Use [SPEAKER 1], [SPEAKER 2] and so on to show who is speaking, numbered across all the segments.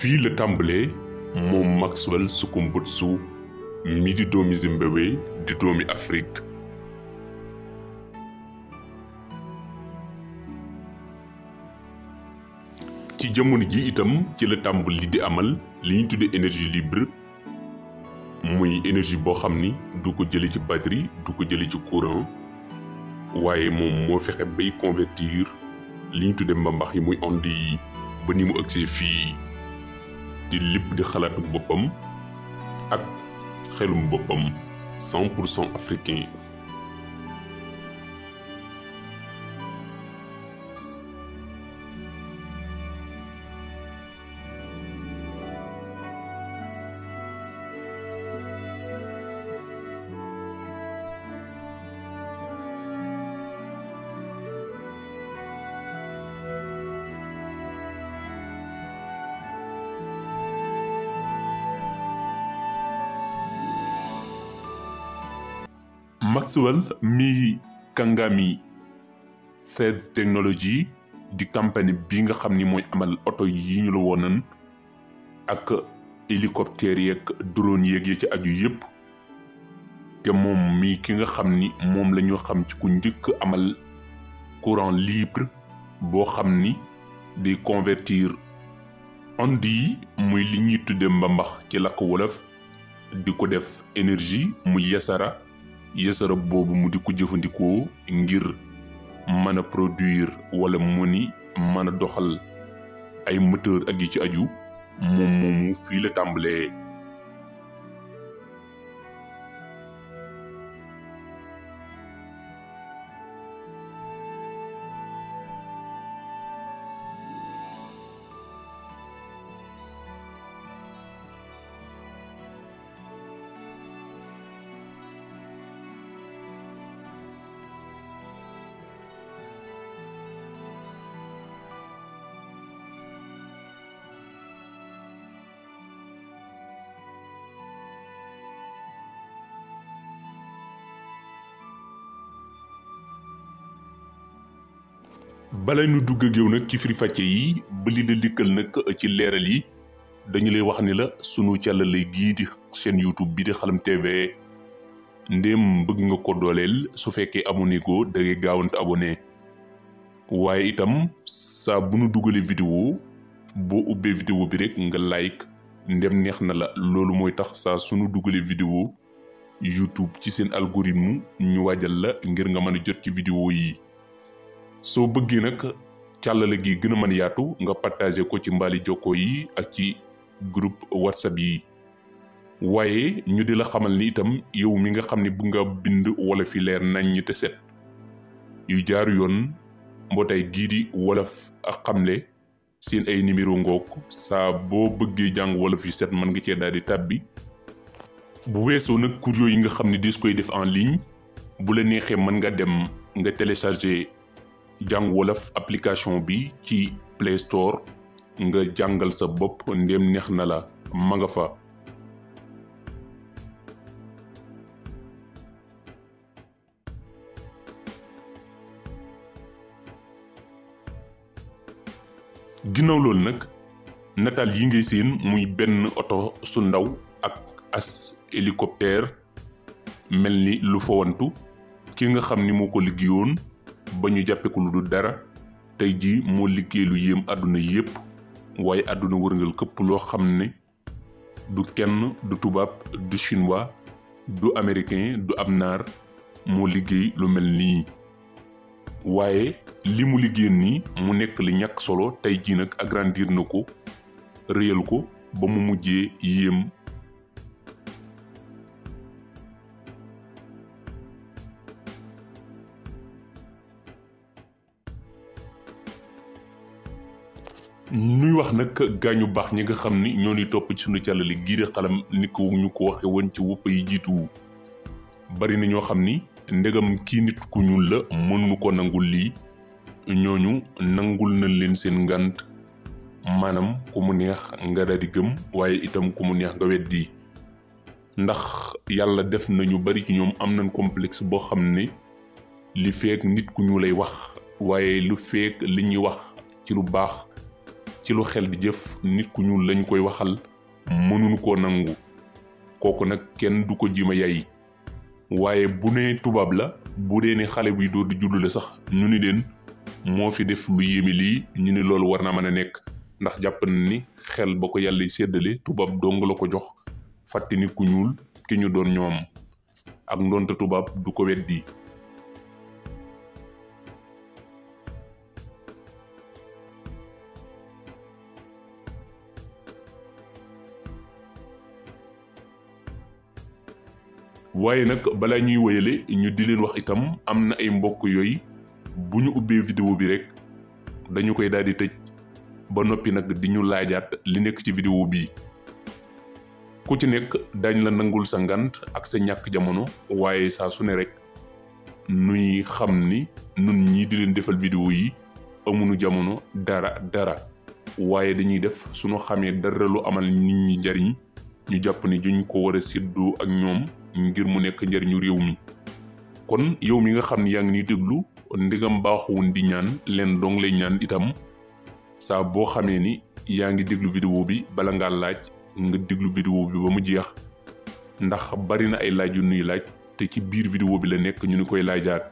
[SPEAKER 1] fii la tàmbalee moom Maxwell Sukumbutsu mi di doomi Zimbabwe di doomi Afrique ci jamono ji itam ci la li di amal li ñu tuddee énergie libre muy énergie boo xam ni du ko jële ci batterie du ko jële ci courant waaye moom moo fexe bay convertir li ñu tuddee mbambax yi muy onde yi ba ni mu agsee fii di lépp di xalaatu boppam ak xelum boppam 100 africain Maxwell mi Kangami Third Technology di campagne bi nga xamni ni amal auto yi ñu la wonan ak hélicoptère yeeg drone yeeg yi ci aju yépp té mom mi ki nga xamni ni lañu xam ci ku njëkk amal courant libre bo xamni ni di convertir andi yi muy li ñuy tudde mbambax ci lakk wolof di ko def énergie muy yassara. yasarab boobu mu di ko jëfandikoo ngir mën a produire wala ni mën a doxal ay moteur ak yi ci aju moom moomu fii la tàmbalee bala ñu dugg ak yow nag ci firi fàcce yi ba li la likkal nag ci leeral yi dañu lay wax ni la sunu càllale gii di seen YouTube bi di Xalam TV ndéem bëgg nga ko dooleel su fekkee abonné ko da ngay gaawante abonné waaye itam saa bu nu dugalee vidéo boo ubbee vidéo bi rek nga like ndem neex na la loolu mooy tax saa sunu dugalee vidéo YouTube ci seen algorithme ñu waajal la ngir nga mën a jot ci vidéo yi soo bëggee nag càllale gi gën a mën yaatu nga partagé ko ci mbaali jokkoo yi ak ci groupe whatsapp yi waaye ñu di la xamal ni itam yow mi nga xam ne bu nga bind wolof yi leer nañ ñu te set yu jaaru yoon mbootaay gii di wolof ak xamle seen ay numéro ngoog saa boo bëggee jàng wolof yu set mën nga cee daal di tàbbi bu weesoo nag cours yi nga xam ne dis koy def en ligne bu la neexee mën nga dem nga télécharger jàng wolof application bi ci Play nga jàngal sa bopp ndéem neex na la ma nga fa. nag nataal yi ngay seen muy benn oto su ndaw ak as mel ni lu fawantu ki nga xam ni moo ko liggéeyoon ba ñu jàppee ko lu dul dara tey jii moo liggéey lu yéem àdduna yépp waaye àdduna wërngal këpp loo xam ne du kenn du tubaab du chinois du americain du am naar moo liggéey lu mel nii waaye li mu liggéey nii mu nekk li ñàkk solo tey jii nag agrandir na ko réyal ko ba mu mujjee yéem nuy wax nag gaañu baax ñi nga xam ni ñoo ni topp ci sunu càllali gii di xalam ni ko ñu ko waxe woon ci wuppa yi jiitu bari na ñoo xam ni ndegam kii nit ku ñuul la mënuñu ko nangul lii ñooñu nangul na leen seen ngànt maanaam ku mu neex nga daal di gëm waaye itam ku mu neex nga weddi ndax yàlla def na ñu bari ci ñoom am nañ complexe boo xam ne li feek nit ku ñu lay wax waaye lu feek li ñuy wax ci lu baax ci lu xel di jëf nit ku ñuul lañ koy waxal mënuñu koo nangu kooku nag kenn du ko jima yayi waaye bu ne tubaab la bu dee ne xale buy dóor di judd sax ñu ni leen moo fi def lu yéeme lii ñu ni loolu war naa mën a nekk ndax jàpp na ni xel ba ko yàlla séddale tubaab dong la ko jox fàtte ni ku ñuul ki ñu doon ñoom ak ndonte tubaab du ko weddi waaye nag balaa ñuy wéyale ñu di leen wax itam am na ay mbokk yooyu bu ñu ubbee vidéo bi rek dañu koy daal di tëj ba noppi nag di ñu laajaat li nekk ci vidéo bi ku ci nekk dañ la nangul sa ngant ak sa ñàkk jamono waaye saa su ne rek nuy xam ni nun ñii di leen defal vidéo yi amuñu jamono dara dara waaye dañuy def sunu xamee dara lu amal nit ñi njariñ ñu jàpp ni juñ ko war a séddoo ak ñoom ngir mu nekk njariñu réew mi kon yow mi nga xam ni yaa ngi ñuy déglu ndigam baaxuwun di ñaan leen dong lay ñaan itam saa boo xamee ni yaa ngi déglu vidéo bi bala ngaa laaj nga déglu vidéo bi ba mu jeex ndax bari na ay laaj yu nuy laaj te ci biir vidéo bi la nekk ñu ni koy laajaat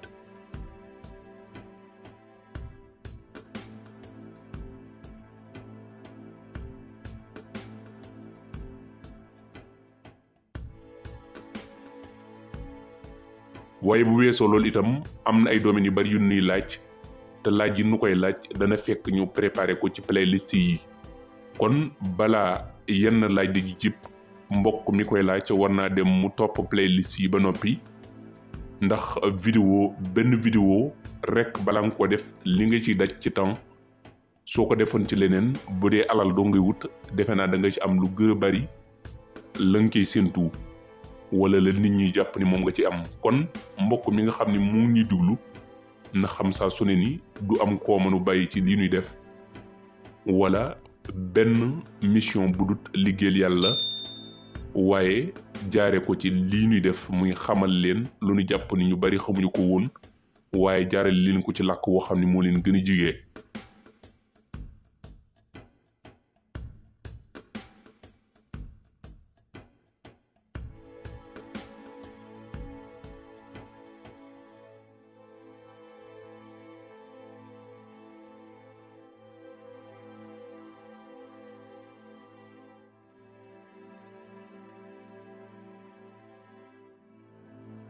[SPEAKER 1] waaye bu weesoo loolu itam am na ay domaines yu bari yu nuy laaj te laaj yi nu koy laaj dana fekk ñu préparer ko ci playlist yi kon balaa yenn laaj di jib mbokk mi koy laaj war naa dem mu topp playlist yi ba noppi ndax vidéo benn vidéo rek balaa nga ko def li nga ciy daj ci temps soo ko defoon ci leneen bu dee alal doo ngay wut defe naa da ci am lu gën a bari la nga koy tuu wala la nit ñi jàpp ni moom nga ci am kon mbokk mi nga xam ni mu ngi duglu na xam saa su ne ni du am koo mënu bàyyi ci lii ñuy def wala benn mission bu dut yàlla waaye jaare ko ci lii ñuy def muy xamal leen lu ñu jàpp ni ñu bari xamuñu ko woon waaye jaare leen ko ci làkk woo xam ni moo leen gën a jigee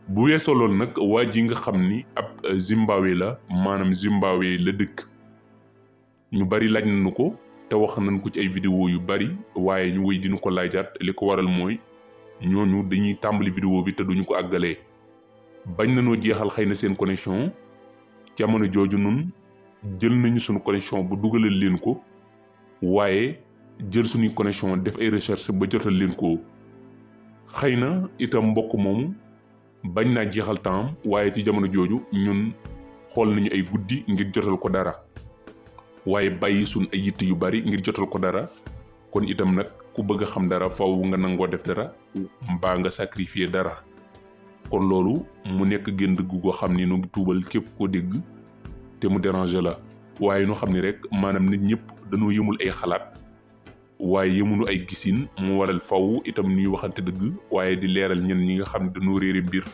[SPEAKER 1] bu weesoo loolu nag waa ji nga xam ni ab euh, Zimbabwe la maanaam Zimbabwe la dëkk ñu bari laaj nañu ko te wax nañ ko ci ay vidéo yu bari waaye ñu wéy dinu ko laajaat li ko waral mooy ñooñu dañuy tàmbali vidéo bi te duñu ko àggalee bañ na noo jeexal xëy na seen connexion jamono jooju nun jël nañu suñu connexion bu dugalal leen ko waaye jël suñuy connexion def ay recherche ba jotal leen ko xëy na itam mbokk moomu bañ naa jeexal temps waaye ci jamono jooju ñun xool nañu ay guddi ngir jotal ko dara waaye bàyyi suñ ay yitt yu bari ngir jotal ko dara kon itam nag ku bëgg xam dara faw nga nangoo def dara mbaa nga sacrifier dara kon loolu mu nekk génn dëgg goo xam ni nu tuubal képp koo dégg te mu déranger la waaye nu xam ni rek maanaam nit ñëpp dañoo yëmul ay xalaat waaye yemunu ay gisin mu waral faw itam ñuy waxante dëgg waaye di leeral ñen ñi nga xam ne dañoo réere mbir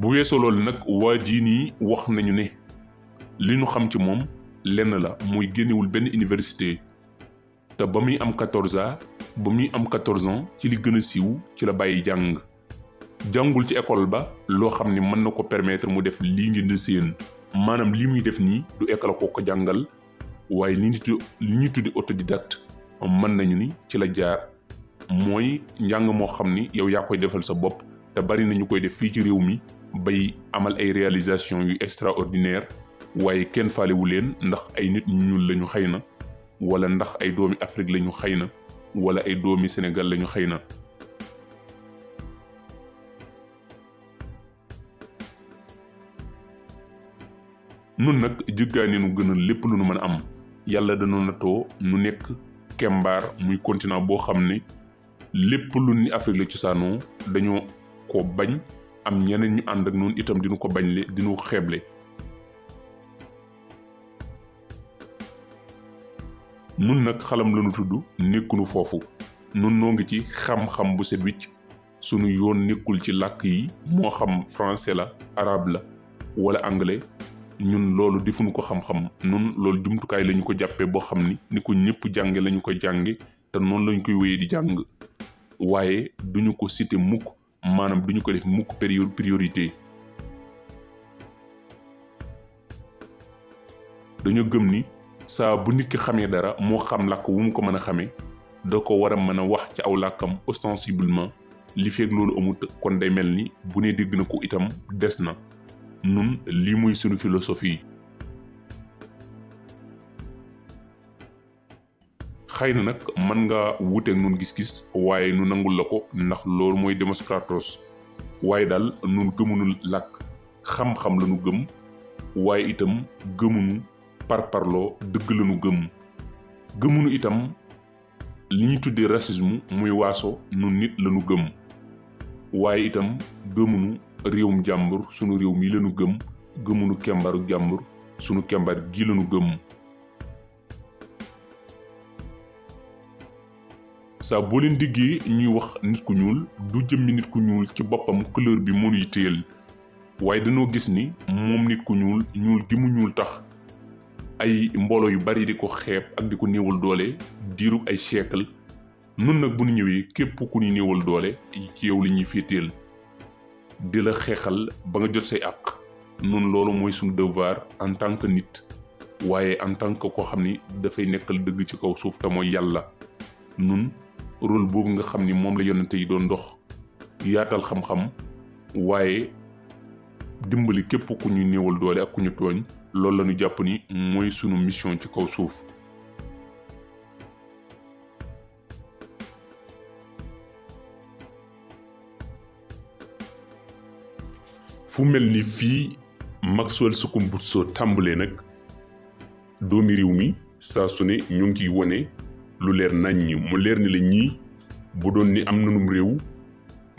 [SPEAKER 1] bu weesoo loolu nag waa ji nii wax nañu ne li nu xam ci moom lenn la muy génnewul benn université te ba muy am 14 ans ba muy am 14 ans ci li gën a siiw ci la bàyyi jàng jàngul ci école ba loo xam ne mën na ko permettre mu def lii ngeen di seen maanaam li muy def nii du école ko ko jàngal waaye li ñu tudd li ñu tuddi autodidacte mën nañu ni ci la jaar mooy njàng moo xam ni yow yaa koy defal sa bopp te bari nañu koy def fii ci réew mi bay amal ay réalisation yu extraordinaire waaye kenn falewu leen ndax ay nit ñu ñuul lañu xëy na wala ndax ay doomi Afrique lañu xëy na wala ay doomi Sénégal lañu xëy na nun nag jëggaani nu gënal lépp lu mën a am yàlla dañu nattoo nu nekk kembaar muy continent boo xam ne lépp lu ni Afrique la cosaanoo dañoo bañ am ñeneen ñu ànd ak noonu itam dinu ko bañ le dinu xeeble nun nag xalam lañu tudd nekkunu foofu nun noo ngi ci xam-xam bu set wicc sunu yoon nekkul ci làkk yi moo xam français la arabe la wala anglais ñun loolu defuñu ko xam-xam nun loolu jumtukaay lañu ko jàppee boo xam ni ni ko ñëpp jànge lañu ñu koy jànge te noonu lañ koy wéyee di jàng waaye duñu ko cité mukk maanaam duñu ko def mukk période priorité dañoo gëm ni saa bu nit ki xamee dara moo xam làkk wu mu ko mën a xamee da ko war a mën a wax ci aw làkkam ostensiblement li feeg loolu amut kon day mel ni bu ne dégg na ko itam des na nun lii muy sunu philosophie xëy na nag man nga wuteeg nun gis-gis waaye nu nangu la ko ndax loolu mooy Démoskratos waaye daal nun gëmunu làkk xam-xam la nu gëm waaye itam gëmunu parparloo dëgg la nu gëm gëmunu itam li ñuy tuddee racisme muy waaso nun nit la nu gëm waaye itam gëmunu réewum jàmbur sunu réew mi lanu gëm gëmunu kembaru jàmbur sunu kembar gi gëm saa boo leen diggee ñuy wax nit ku ñuul du jëmmi nit ku ñuul ci boppam couleur bi mënu yitteel waaye dañoo gis ni moom nit ku ñuul ñuul mu ñuul tax ay mbooloo yu bari di ko xeeb ak di ko néewal doole diiru ay siècle nun nag bu ñu ñëwee képp ku ñu néewal doole ci yow li ñuy féeteel di la xeexal ba nga jot say àq nun loolu mooy suñu devoir en tant que nit waaye en tant que koo xam ni dafay nekkal dëgg ci kaw suuf te mooy yàlla nun rôle boobu nga xam ni moom la yonente yi doon ndox yaatal xam-xam waaye dimbali képp ku ñu néewal doole ak ku ñu tooñ loolu lañu jàpp ni mooy sunu mission ci kaw suuf fu mel ni fii Maxwell Sokombutso tàmbalee nag doomi réew mi saa su ne ñu ngi wane lu leer nañ mu leer ni la ñii bu doon ni am nanum réew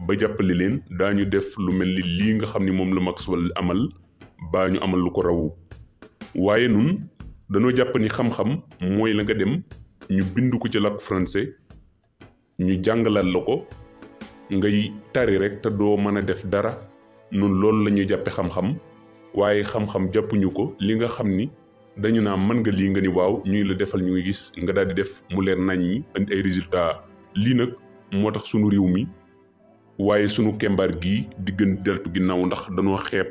[SPEAKER 1] ba jàppale leen daañu def lu mel ni lii nga xam ni moom la Maxwell amal baa ñu amal lu ko rawu waaye nun danoo jàpp ni xam-xam mooy la nga dem ñu bind ko ci làkku français ñu jàngalaat la ko ngay tari rek te doo mën a def dara nun loolu la ñuy jàppe xam-xam waaye xam-xam jàppuñu ko li nga xam ni dañu naa mën nga lii nga ni waaw ñuy la defal ñu ngi gis nga daal di def mu leer nañ ñi andi ay résultat lii nag moo tax sunu réew mi waaye sunu kembaar gi di gën deltu ginnaaw ndax dañoo xeeb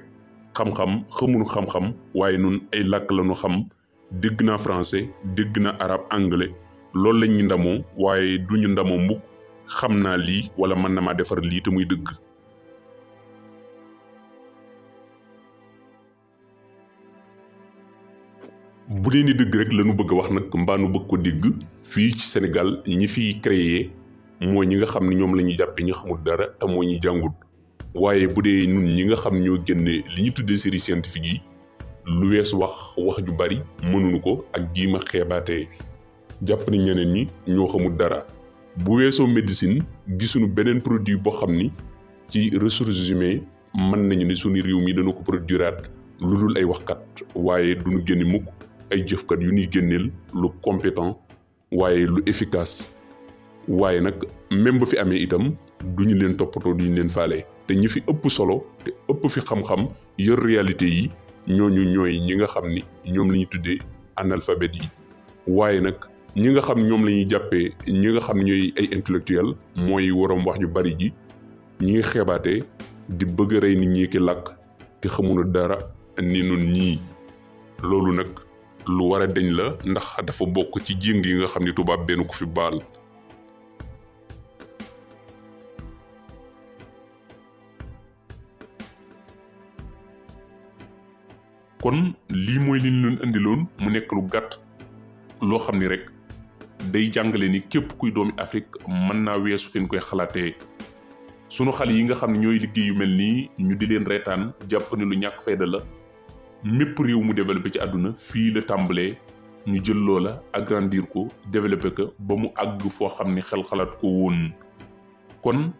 [SPEAKER 1] xam-xam xamunu xam-xam waaye nun ay làkk lañu xam dégg naa français dégg na arabe anglais loolu la ñuy ndamoo waaye duñu ñu ndamoo mukk xam naa lii wala mën na ma defar lii te muy dëgg bu dee ni dëgg rek lañu bëgg wax nag mbaa nu bëgg ko dégg fii ci Sénégal ñi fiy créer mooy ñi nga xam ne ñoom la ñu jàppe ñu xamul dara te moo ñu jàngul waaye bu dee nun ñi nga xam ñoo génne li ñu tuddee série scientifique yi lu wees wax wax ju bari mënuñu ko ak jiima xeebaatee jàpp ni ñeneen ñi ñoo xamul dara bu weesoo médecine gisuñu beneen produit boo xam ni ci ressources humaines mën nañu ni suñu réew mi dana ko produiraat lu dul ay waxkat waaye duñu génne mukk ay jëfkat yu ñuy génneel lu compétent waaye lu efficace waaye nag même ba fi amee itam du ñu leen toppatoo du ñu leen faale te ñi fi ëpp solo te ëpp fi xam-xam yor réalité yi ñooñu ñooy ñi nga xam ni ñoom lañuy ñu tuddee analphabètes yi waaye nag ñi nga xam ñoom lañuy jàppee ñi nga xam ñooy ay intellectuel mooy waroom wax ñu bari ji ñi xeebaate di bëgg rey nit ñi ki làkk te xamunu dara ni nun ñii loolu nag lu wara a deñ la ndax dafa bokk ci jéng yi nga xam ni tubaab benn ko fi baal kon lii mooy li ñu indiloon mu nekk lu gàtt loo xam ni rek day jàngale ni képp kuy doomi Afrique mën naa weesu fi koy xalaatee sunu xale yi nga xam ne ñooy liggéey yu mel nii ñu di leen reetaan jàpp lu ñàkk fayda la mépp réew mu développé ci àdduna fii la tàmbalee ñu jël loola agrandir ko développé ko ba mu àgg foo xam ni xel xalaat ko woon kon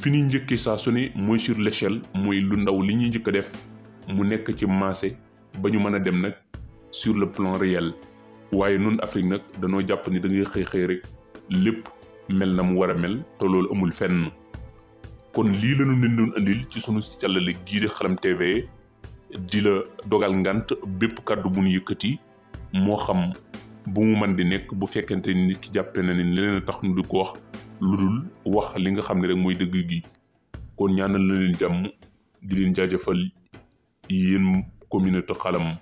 [SPEAKER 1] fi ñuy njëkkee saa su ne mooy sur l'échelle mooy lu ndaw li ñuy njëkk a def mu nekk ci maase ba ñu mën a dem nag sur le plan réel waaye noonu Afrique nag danoo jàpp ni da ngay xëy xëy rek lépp mel na mu war a mel te loolu amul fenn kon lii la ñu doon andil ci sunu càllale gii di Xalam TV. di la dogal ngant bépp kàddu bu nu yëkkati moo xam bu mu mën di nekk bu fekkente ni nit ki jàppe na ne leneen tax nu du ko wax lu dul wax li nga xam ne rek mooy dëgg gi kon ñaanal la leen jàmm di leen jaajëfal yéen communauté xalam